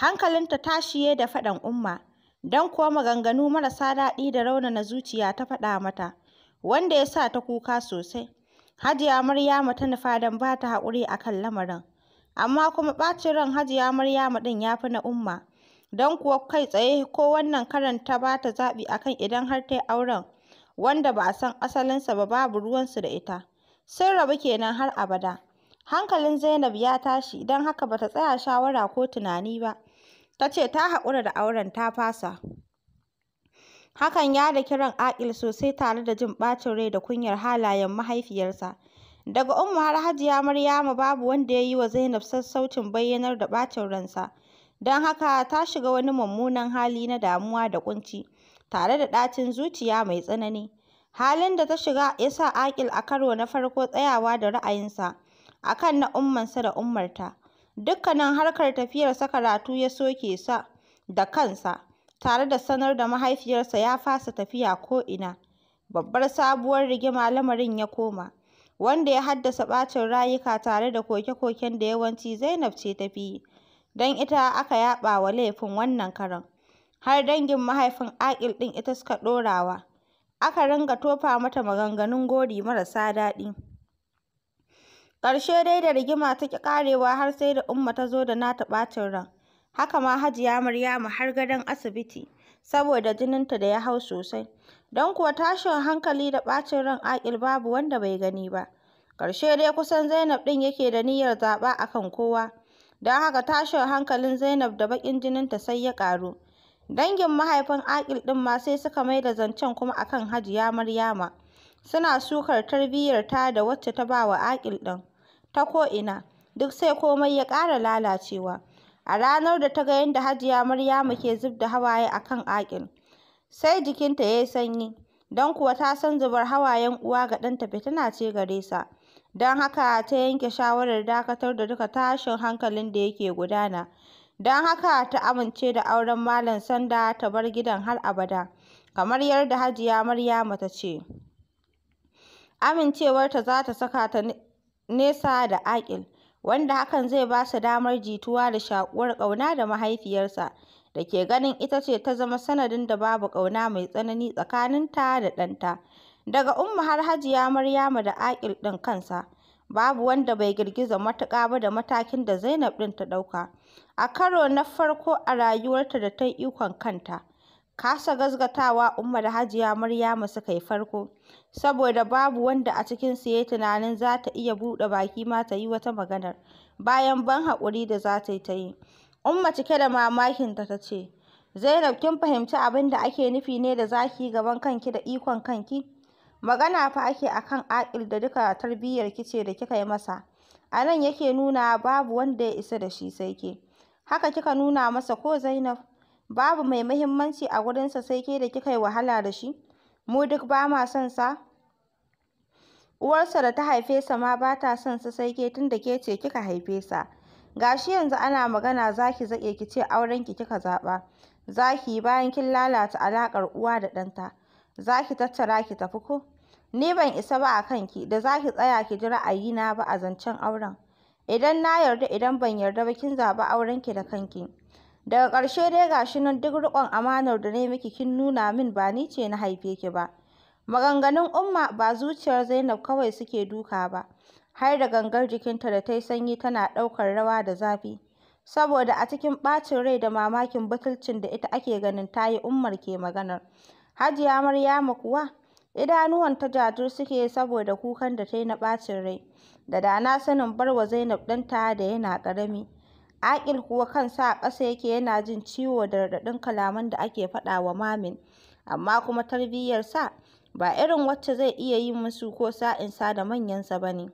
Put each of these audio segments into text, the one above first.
Hankalinta ta tashiye da faɗan Umma, don kuwa maganganu marasa daɗi da raunana zuciya ta faɗa mata, wanda ya sa ta kuka sosai. Hajiya Maryama ta nufa don ba ta haƙuri a kan lamarin, amma kuma ɓacin ran Hajiya Maryama ɗin ya fi na Umma, don kuwa kai tsaye ko wannan karanta ta ba ta zaɓi a kan idan har ta yi auren wanda ba a san asalinsa ba babu ruwansu da ita, sun rabu kenan har abada. Hankalin Zainab ya tashi, don haka ba ta tsaya shawara ko tunani ba. ta ce ta haƙura da auren ta fasa. Hakan ya da kiran Aƙil sosai tare da jin ɓacin rai da kunyar halayen mahaifiyarsa. Daga Ummu har Hajiya Maryamu babu wanda ya yi wa Zainab sassaucin bayyanar da ɓacin ransa. Don haka ta shiga wani mummunan hali na damuwa da ƙunci, tare da ɗacin zuciya mai tsanani. Halin da ta shiga ya sa Aƙil a karo na farko tsayawa da ra'ayinsa a kan na ummansa da ummarta. Dukkanin harkar tafiyarsa karatu ya soke sa da kansa, tare da sanar da mahaifiyarsa ya fasa tafiya ko'ina. Babbar sabuwar rigima lamarin ya koma, wanda ya haddasa ɓacin rayuka tare da koke-koken da yawanci Zainab ce ta fi yi, don ita aka yaɓa wa laifin wannan karon. Har dangin mahaifin Aƙil ɗin ita suka ɗorawa. Aka ringa tofa mata maganganun gori marasa daɗi. Ƙarshe dai da rigima ta ƙi ƙarewa har sai da Umma ta zo da nata ɓacin ran. Haka ma Hajiya Maryamu har gadon asibiti saboda jininta da ya hau sosai. Don kuwa tashin hankali da ɓacin ran Aƙil babu wanda bai gani ba. Ƙarshe dai kusan Zainab ɗin yake da niyyar zaɓa a kan kowa. Don haka tashin hankalin Zainab da baƙin jininta sai ya ƙaru. Dangin mahaifin Aƙil ɗin ma sai suka mai da zancen kuma akan Hajiya Maryama. Suna sukar tarbiyyar ta da wacce ta ba wa Aƙil ɗin. ta ko'ina, duk sai komai ya ƙara lalacewa. A ranar da ta ga yadda Hajiya Maryamu ke zub da hawaye a kan Aƙil, sai jikinta ya yi sanyi, don kuwa ta san zubar hawayen uwa ga ɗanta fitina ce gare sa. Don haka ta yanke shawarar dakatar da duka tashin hankalin da yake gudana. Don haka ta amince da auren Malam Sanda ta bar gidan har abada, kamar yadda Hajiya Maryamu ta ce. Amincewarta za ta saka ta nesa da Akil, wanda hakan zai ba su damar jituwa da shakuwar ƙauna da mahaifiyarsa da ke ganin ita ce ta zama sanadin da babu ƙauna mai tsanani tsakaninta da ɗanta. Daga Ummu har Hajiya Maryamu da Akil ɗin kansa, babu wanda bai girgiza matuƙa ba da matakin da Zainab ɗin ta ɗauka. A karo na farko a rayuwarta da ta ikon kanta. Kasa gazgatawa Umma da Hajiya Maryamu suka yi farko, saboda babu wanda a cikin su yayi tunanin za ta iya buɗe baki ma ta yi wata maganar, bayan ban hakuri da za ta yi ta yi. Umma cike da mamakinta ta ce, Zainab kin fahimci abin da ake nufi ne da zaki gaban kanki da ikon kanki? Magana fa ake akan kan da duka tarbiyyar ce da kika yi masa. A nan yake nuna babu wanda ya isa da shi sai ke. Haka kika nuna masa ko Zainab? babu mai muhimmanci a gurinsa sai ke da kika yi wahala da shi, mu duk ba ma son sa. Uwarsa da ta haife sa ma ba ta son sa sai ke da ke ce kika haife sa. gashi yanzu ana magana zaki ki zaƙe ki ce aurenki kika zaɓa, zaki yi bayan kin lalata alakar uwa da ɗanta, za ki tattara ki tafi ko? Ni ban isa ba a kanki da zaki tsaya ki ji ra'ayina ba a zancen auren. Idan na yarda idan ban yarda ba kin zaɓi ki da kanki. daga ƙarshe dai ga shi nan duk riƙon amanar da ne miki kin nuna min ba ni ce na haife ki ba maganganun umma ba zuciyar zainab kawai suke duka ba har da gangar jikinta da ta yi sanyi tana ɗaukar rawa da zafi saboda a cikin ɓacin rai da mamakin batulcin da ita ake ganin ta yi ummar ke maganar hajiya maryama kuwa idanuwan ta jajir suke saboda kukan da ta yi na ɓacin rai da da na sanin barwa zainab ɗanta da yana ƙarami Aƙil kuwa kansa a ƙasa yake yana jin ciwo da raɗaɗin kalaman da ake faɗa wa Mamin, amma kuma tarbiyyarsa ba irin wacce zai iya yi musu ko sa'insa da manyansa ba ne.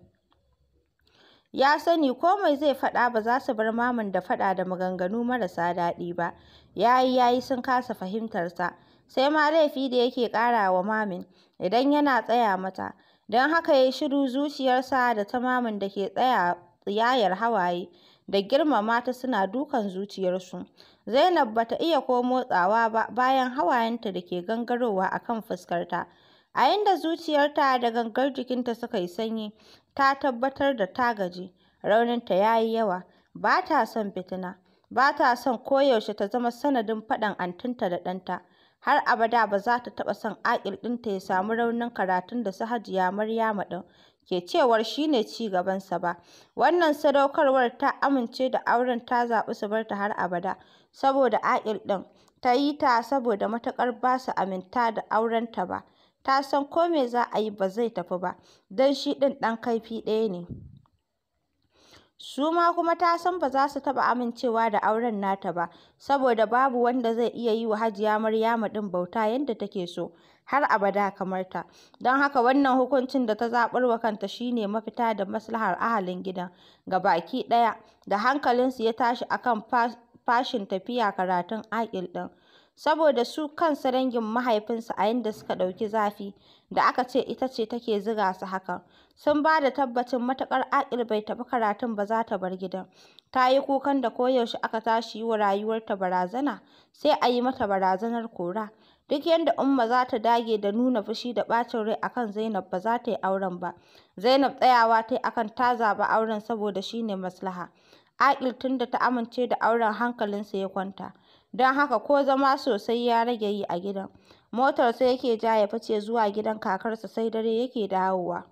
Ya sani ko mai zai faɗa ba za su bar Mamin da faɗa da maganganu marasa daɗi ba, ya yi ya yi sun kasa fahimtarsa, sai ma laifi da yake ƙara wa Mamin idan yana tsaya mata, don haka ya yi shiru zuciyarsa da ta Mamin da ke tsaya tsiyayar hawaye. da girmama ta suna dukan zuciyarsu. Zainab ba ta iya ko motsawa ba bayan hawayenta da ke gangarowa a kan fuskarta. A inda zuciyarta da gangar jikinta suka yi sanyi, ta tabbatar da ta gaji. Rauninta ya yi yawa, ba ta son fitina, ba ta son koyaushe ta zama sanadin faɗan antinta da ɗanta. har abada ba za ta taɓa son aƙil ɗinta ya samu raunin karatun da su Hajiya Maryama ɗin ke cewar shi ne ci gabansa ba. Wannan sadaukarwar ta amince da auren ta zaɓi su bar ta har abada saboda Aqil ɗin. Ta yi ta saboda matuƙar ba su aminta da aurenta ba. Ta san ko me za a yi ba zai tafi ba, don shi ɗin ɗan kaifi ɗaya ne. Su ma kuma ta san ba za su taɓa amincewa da auren nata ba, saboda babu wanda zai iya yi wa Hajiya Maryamu ɗin bauta yadda take so. har abada kamar ta. Don haka wannan hukuncin da ta zaɓar wa kanta shine mafita da maslahar ahalin gidan ga baki ɗaya, da hankalinsu ya tashi a kan fashin tafiya karatun aƙil ɗin. Saboda su kansa dangin mahaifinsa a yadda suka ɗauki zafi, da aka ce ita ce take ziga su haka Sun ba da tabbacin matuƙar aƙil bai tafi karatun ba za ta bar gidan. Ta yi kukan da koyaushe aka tashi yi wa rayuwarta barazana, sai a yi mata barazanar kora. Duk yadda Umma za ta dage da nuna fushi da ɓacin rai a kan Zainab ba za ta yi auren ba. Zainab tsayawa ta yi a kan ta zaɓi auren saboda shi ne maslaha. Aƙil tun ta amince da auren hankalinsa ya kwanta. Don haka ko zama sosai ya rage yi a gidan. Motarsa yake ja ya fice zuwa gidan kakarsa sai dare yake dawowa.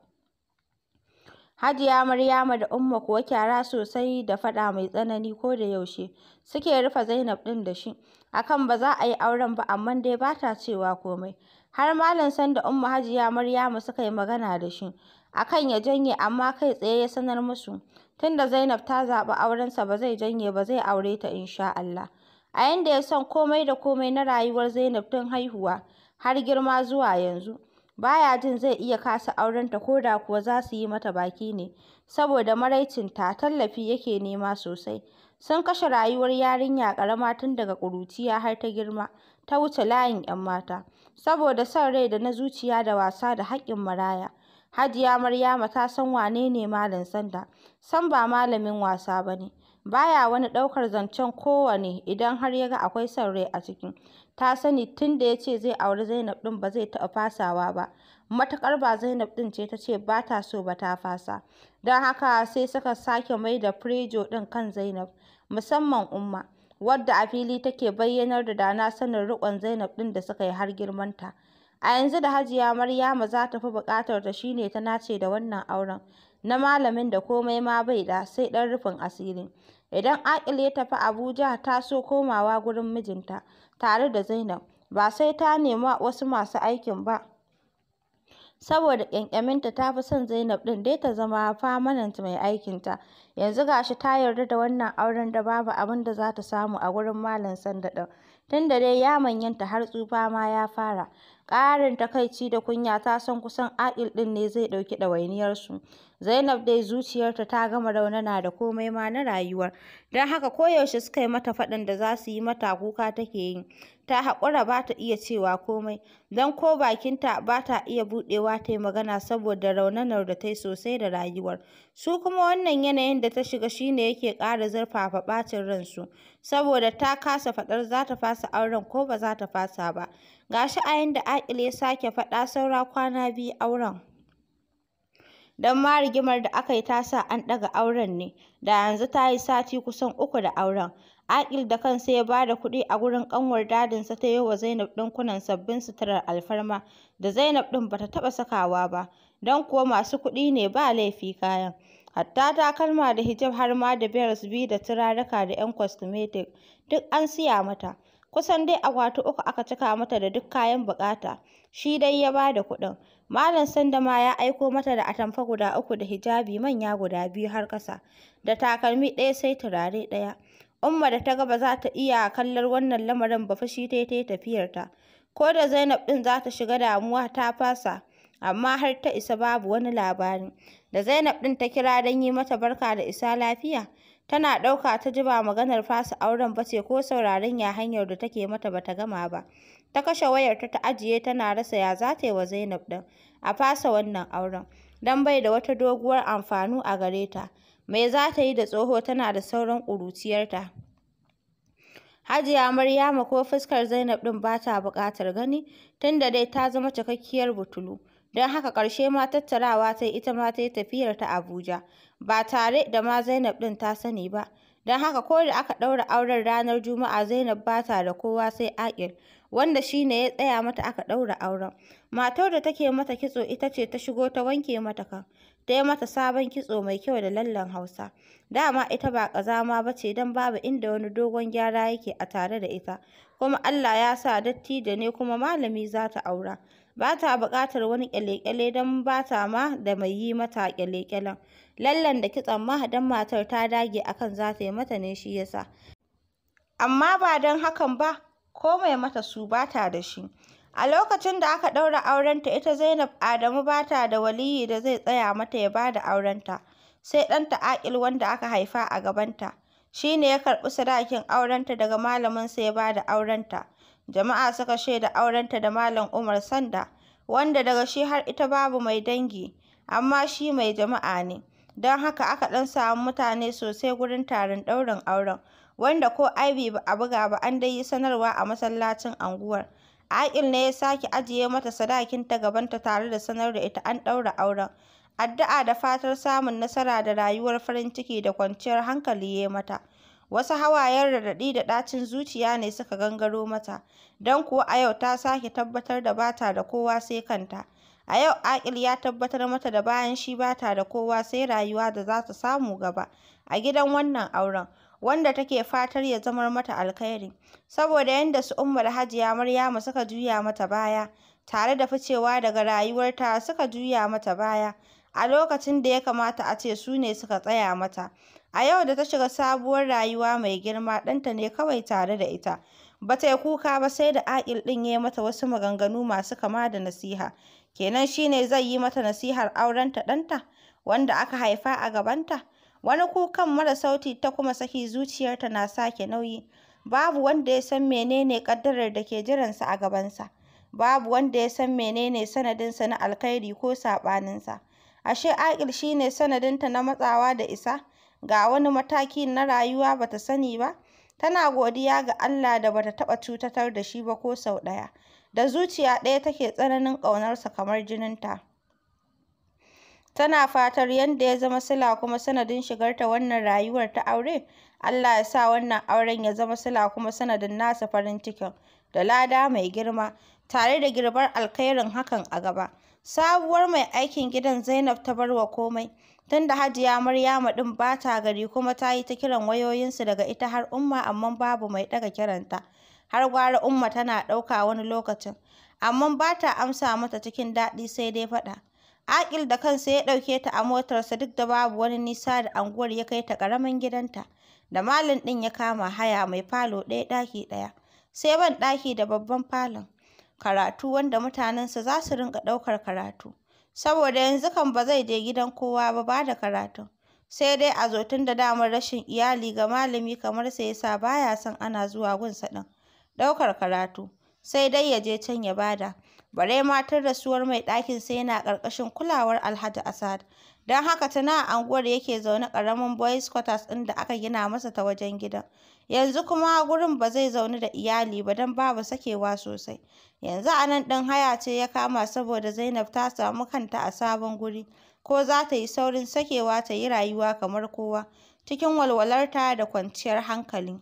Hajiya Maryama da Umma kuwa kyara sosai da faɗa mai tsanani ko da yaushe suke rufe Zainab ɗin da shi. akan ba za a yi auren ba amma dai ba ta cewa komai. Har Malam Sanda Umma Hajiya Maryamu suka yi magana da shi akan ya janye amma kai tsaye ya sanar musu tunda Zainab ta zaɓi aurensa ba zai janye ba zai aure ta insha Allah. A yanda ya san komai da komai na rayuwar Zainab tun haihuwa har girma zuwa yanzu. Ba ya jin zai iya kasa aurenta ko da kuwa za su yi mata baki ne, saboda maraicinta, tallafi yake nema sosai. Sun kashe rayuwar yarinya ƙarama tun daga ƙuruciya har ta girma, ta wuce layin 'yan mata, saboda son rai da na zuciya da wasa da haƙƙin maraya. Hajiya Maryama ta san wane ne Malam Sanda, san ba malamin wasa ba ne. ba ya wani ɗaukar zancen kowane idan har ya ga akwai son rai a ciki. Ta sani tun da ya ce zai auri Zainab ɗin ba zai taɓa fasawa ba, matuƙar ba Zainab ɗin ce ta ce ba ta so ba ta fasa. Don haka sai suka sake mai da Firejo ɗin kan Zainab, musamman Umma, wadda a fili take bayyanar da dana sanin riƙon Zainab ɗin da suka yi har girmanta. A yanzu da Hajiya Maryama za ta fi buƙatar ta shine ta nace da wannan auren. na malamin da komai ma bai da sai ɗan rufin asiri. Idan Aƙil ya tafi Abuja ta so komawa gurin mijinta tare da Zainab, ba sai ta nemi wasu masu aikin ba. saboda ƙyanƙyaminta ta fi son Zainab ɗin dai ta zama famanant mai aikinta. Yanzu ga shi ta yarda da wannan auren da babu abin da za ta samu a wurin Malam Sanda ɗin. Tun da dai ya manyanta har tsufa ma ya fara. Ƙarin takaici da kunya ta san kusan Aƙil ɗin ne zai ɗauki ɗawainiyarsu. Zainab dai zuciyarta ta gama raunana da komai ma na rayuwar. Don haka koyaushe suka yi mata faɗin da za su yi mata kuka take yi. ta haƙura ba ta iya cewa komai, don ko bakinta ba ta iya buɗewa ta yi magana saboda raunanar da ta yi sosai da rayuwar. Su kuma wannan yanayin da ta shiga shi ne yake ƙara zurfafa ɓacin ransu, saboda ta kasa faɗar za ta fasa auren ko ba za ta fasa ba. Ga shi a yanda Aƙil ya sake faɗa saura kwana biyu auren. don ma rigimar da aka yi ta sa an ɗaga auren ne, da yanzu ta yi sati kusan uku da auren. Aƙil da kansa ya ba da kuɗi a gurin ƙanwar dadinsa ta yi wa Zainab ɗinkunan sabbin suturar alfarma da Zainab ɗin ba ta taɓa sakawa ba, don kuwa masu kuɗi ne ba laifi kayan. Hatta takalma da hijab har ma da bels biyu da turaruka da 'yan cosmetic duk an siya mata. Kusan dai akwati uku aka cika mata da duk kayan buƙata, shi dai ya ba da kuɗin. Malam Sanda ma ya aiko mata da atamfa guda uku da hijabi manya guda biyu har ƙasa, da takalmi ɗaya sai turare ɗaya. Umma da ta ga ba za ta iya kallar wannan lamarin ba fa shi ta yi tafiyarta. Ko da Zainab ɗin za ta shiga damuwa ta fasa, amma har ta isa babu wani labari. Da Zainab ɗin ta kira don yi mata barka da isa lafiya, tana ɗauka ta ji ba maganar fasa auren ba ce ko sauraron ya hanyar da take mata ba ta gama ba. Ta kashe wayarta ta ajiye tana rasa ya za ta yi wa Zainab ɗin a fasa wannan auren, don bai da wata doguwar amfanu a gare ta. Mai za ta yi da tsoho tana da sauran ƙuruciyarta? Hajiya Maryama ko fuskar Zainab ɗin ba ta buƙatar gani, tunda dai ta zama cikakkiyar butulu. Don haka ƙarshe ma tattarawa ta ita ma ta yi tafiyar ta Abuja, ba tare da ma Zainab ɗin ta sani ba. Don haka ko da aka ɗaura auren ranar Juma'a Zainab ba ta da kowa sai Aƙil, wanda shi ne ya tsaya mata aka ɗaura auren. Matar da take mata kitso ita ce ta shigo ta wanke mata kan, ta yi mata sabon kitso mai kyau da lallen Hausa. Dama ita ba ƙazama ba ce don babu inda wani dogon gyara yake a tare da ita, kuma Allah ya sa datti da ne kuma malami za ta aura. Ba ta buƙatar wani ƙyale-ƙyale don ba ta ma da mai yi mata ƙyale-ƙyalen. Lallen da kitson ma don matar ta dage akan za ta yi mata ne shi yasa Amma ba don hakan ba, ko mai mata su ba ta da shi. A lokacin da aka ɗaura aurenta ita Zainab Adamu ba ta da waliyyi da zai tsaya mata ya ba da aurenta, sai ɗanta Aƙil wanda aka haifa a gabanta, shi ne ya karɓi sadakin aurenta daga malaminsa ya ba da aurenta. Jama'a suka shaida aurenta da Malam Umar Sanda, wanda daga shi har ita babu mai dangi, amma shi mai jama'a ne, don haka aka ɗan samu mutane sosai wurin taron ɗaurin auren, wanda ko Ivy ba a buga ba an dai yi sanarwa a masallacin unguwar. Aƙil ne ya sake ajiye mata sadakinta gabanta tare da sanar da ita an ɗaura auren. Addu'a da fatar samun nasara da rayuwar farin ciki da kwanciyar hankali ya mata. Wasu hawayen raɗaɗi da ɗacin zuciya ne suka gangaro mata, don kuwa a yau ta sake tabbatar da ba ta da kowa sai kanta. A yau Aƙil ya tabbatar mata da bayan shi ba ta da kowa sai rayuwa da za ta samu gaba a gidan wannan auren. wanda take fatar ya zamar mata alkhairi saboda yadda su ummar Hajiya Maryamu suka juya mata baya tare da ficewa daga rayuwarta suka juya mata baya a lokacin da ya kamata a ce su ne suka tsaya mata a yau da ta shiga sabuwar rayuwa mai girma ɗanta ne kawai tare da ita ba ta yi kuka ba sai da aƙil ɗin ya yi mata wasu maganganu masu kama da nasiha kenan shine zai yi mata nasihar aurenta ɗanta wanda aka haifa a gabanta Wani kukan mara sauti ta kuma saki zuciyarta na sake nauyi. Babu wanda ya san menene ƙaddarar da ke jiransa a gabansa. Babu wanda ya san menene sanadinsa na alkhairi ko saɓaninsa. Ashe Akil shi ne sanadinta na matsawa da isa, ga wani mataki na rayuwa bata sani ba. Tana godiya ga Allah da bata taɓa cutatar da shi ba ko sau ɗaya. Da zuciya ɗaya take tsananin ƙaunarsa kamar jininta. Tana fatar yadda ya zama sila kuma sanadin shigarta wannan rayuwar ta aure, Allah ya sa wannan auren ya zama sila kuma sanadin nasa farin cikin da lada mai girma, tare da girbar alkhairin hakan a gaba. Sabuwar mai aikin gidan Zainab ta bar wa komai, tunda Hajiya Maryama din ba ta gari kuma ta yi ta kiran wayoyinsu daga ita har Umma amma babu mai daga kiranta. Har gwara Umma tana ɗauka wani lokacin, amma ba ta amsa mata cikin daɗi sai dai faɗa. Aƙil da kansa ya ɗauke ta a motarsa duk da babu wani nisa da anguwar ya kai ta ƙaramin gidanta da malam ɗin ya kama haya mai falo ɗaya ɗaki ɗaya sai ban ɗaki da babban falon karatu wanda mutanensa za su rinƙa ɗaukar karatu saboda yanzu kan ba zai je gidan kowa ba ba da karatun sai dai a zo tun da damar rashin iyali ga malami kamar sai ya sa yasa baya son ana zuwa gunsa ɗin ɗaukar karatu sai dai ya je can ya bada. Bare matar rasuwar mai ɗakin sai yana ƙarƙashin kulawar Alhaji Asad. Don haka tana a anguwar yake zaune ƙaramin boys quarters ɗin da aka gina masa ta wajen gidan. Yanzu kuma gurin ba zai zaune da iyali ba don babu sakewa sosai. Yanzu a nan ɗin haya ce ya kama saboda Zainab ta samu kanta a sabon guri. Ko za ta yi saurin sakewa ta yi rayuwa kamar kowa, cikin walwalarta da kwanciyar hankali.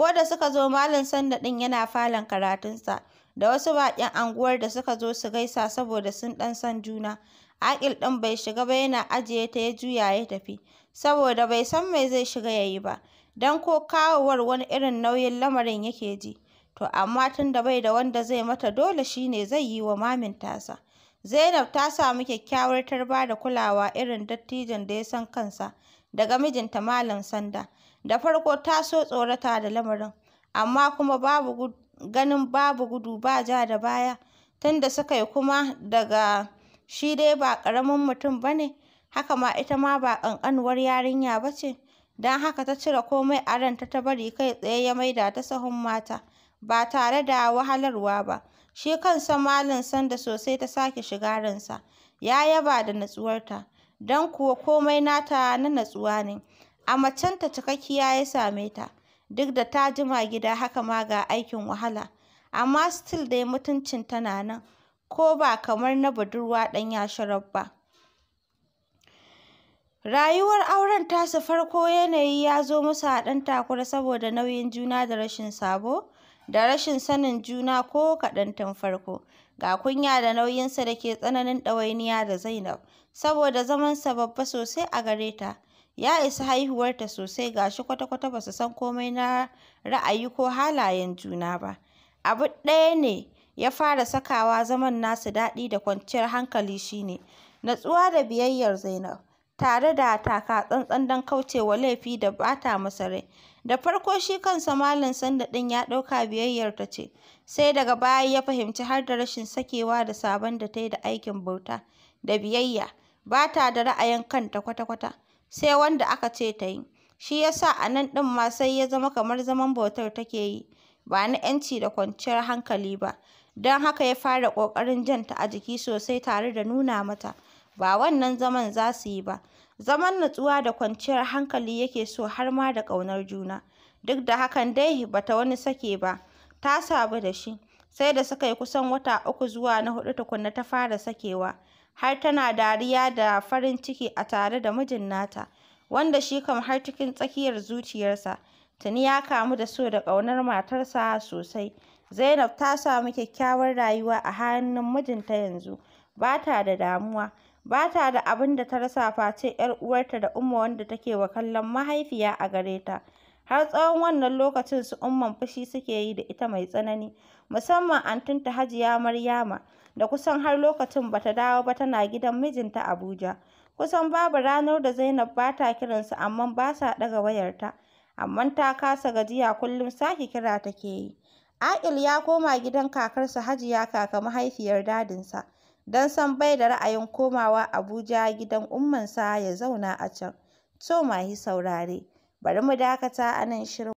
Ko da suka zo Malam Sanda ɗin yana falon karatunsa da wasu baƙin anguwar da suka zo su gaisa saboda sun ɗan san juna. Aƙil ɗin bai shiga ba yana ajiye ta ya juya ya tafi saboda bai san mai zai shiga ya yi ba. Don ko kawowar wani irin nauyin lamarin yake ji. To amma tun da bai da wanda zai mata dole shi ne zai yi wa mamin tasa. Zainab ta samu kyakkyawar tarba da kulawa irin dattijon da ya san kansa daga mijinta Malam Sanda. Da farko ta so tsorata da lamarin, amma kuma babu ganin babu gudu ba ja da baya, tunda suka yi kuma daga shi dai ba ƙaramin mutum ba ne, haka ma ita ma ba ƙanƙanuwar yarinya ba ce. Don haka ta cire komai a ranta ta bari kai tsaye ya maida ta sahun mata, ba tare da wahalarwa ba. Shi kansa Malam Sanda sosai ta sake shiga ransa, ya yaba da natsuwarta, don kuwa komai nata na natsuwa ne. A macen ta cikakkiya ya same ta, duk da ta jima gida haka ma ga aikin wahala, amma still dai mutuncin tana nan, ko ba kamar na budurwa ɗan yasharaf ba. Rayuwar auren tasu farko yanayi ya zo musu a ɗan takura saboda nauyin juna da rashin sabo, da rashin sanin juna ko kaɗan tun farko. Ga kunya da nauyinsa da ke tsananin ɗawainiya da Zainab, saboda zaman babba sosai a gare ta, ya isa haihuwarta sosai ga shi kwata-kwata ba su san komai na ra'ayi ko halayen juna ba. Abu ɗaya ne ya fara sakawa zaman nasu daɗi da kwanciyar hankali shine natsuwa da biyayyar Zainab, tare da taka tsantsan don kaucewa laifi da bata masa rai. Da farko shi kansa Malam Sanda ɗin ya ɗauka biyayyar ta ce, sai daga baya ya fahimci har da rashin sakewa da sabon da ta yi da aikin bauta da biyayya, ba ta da ra'ayin kanta kwata-kwata. sai wanda aka ce ta yi. Shi ya sa a nan ɗin ma sai ya zama kamar zaman bautar take yi, ba na 'yanci da kwanciyar hankali ba. Don haka ya fara ƙoƙarin jan ta a jiki sosai tare da nuna mata ba wannan zaman za su yi ba. Zaman natsuwa da kwanciyar hankali yake so har ma da ƙaunar juna. Duk da hakan dai ba ta wani sake ba, ta sabu da shi. Sai da suka yi kusan wata uku zuwa na huɗu tukunna ta fara sakewa. har tana dariya da farin ciki a tare da mijin nata, wanda shi kam har cikin tsakiyar zuciyarsa tuni ya kamu da so da ƙaunar matarsa sosai. Zainab ta samu kyakkyawar rayuwa a hannun mijinta yanzu, ba ta da damuwa, ba ta da abin da ta rasa face 'yar uwarta da Umma wanda take wa kallon mahaifiya a gare ta. har tsawon wannan lokacin su umman fushi suke yi da ita mai tsanani musamman antinta hajiya maryama da kusan har lokacin ba ta dawo ba tana gidan mijinta Abuja. Kusan babu ranar da Zainab ba ta kiransu amma ba sa ɗaga wayarta. Amma ta kasa gajiya kullum sake kira take yi. Aƙil ya koma gidan kakarsa Hajiya kaka mahaifiyar dadinsa. Don san bai da ra'ayin komawa Abuja gidan ummansa ya zauna a can. To ma yi saurare, bari mu dakata a nan shirin.